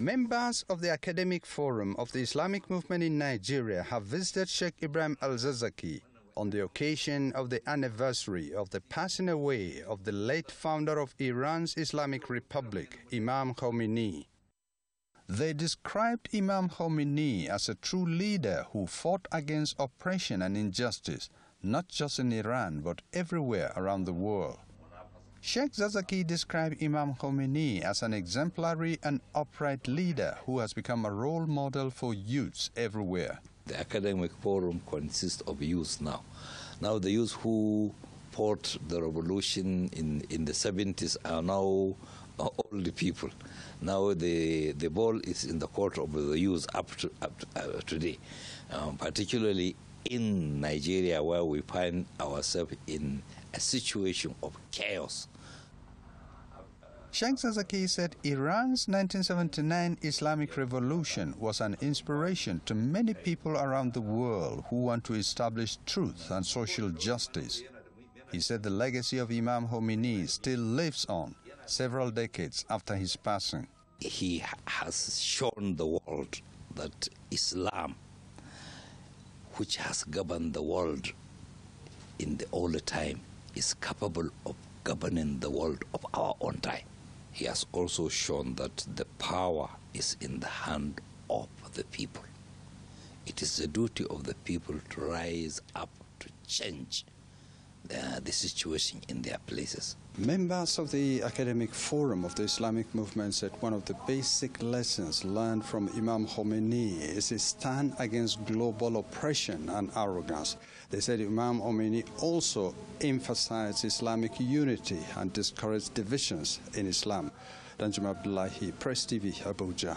Members of the Academic Forum of the Islamic Movement in Nigeria have visited Sheikh Ibrahim al-Zazaki on the occasion of the anniversary of the passing away of the late founder of Iran's Islamic Republic, Imam Khomeini. They described Imam Khomeini as a true leader who fought against oppression and injustice, not just in Iran but everywhere around the world. Sheikh Zazaki described Imam Khomeini as an exemplary and upright leader who has become a role model for youths everywhere. The academic forum consists of youth now. Now the youth who fought the revolution in, in the 70s are now uh, old people. Now the, the ball is in the court of the youth up to, up to, uh, today, um, particularly in Nigeria where we find ourselves in a situation of chaos. Shanks Sazaki said Iran's 1979 Islamic Revolution was an inspiration to many people around the world who want to establish truth and social justice. He said the legacy of Imam Khomeini still lives on several decades after his passing. He has shown the world that Islam which has governed the world in the old time is capable of governing the world of our own time. He has also shown that the power is in the hand of the people. It is the duty of the people to rise up to change the, the situation in their places. Members of the academic forum of the Islamic movement said one of the basic lessons learned from Imam Khomeini is his stand against global oppression and arrogance. They said Imam Khomeini also emphasized Islamic unity and discouraged divisions in Islam. Danjum Abdullahi, Press TV, Abuja.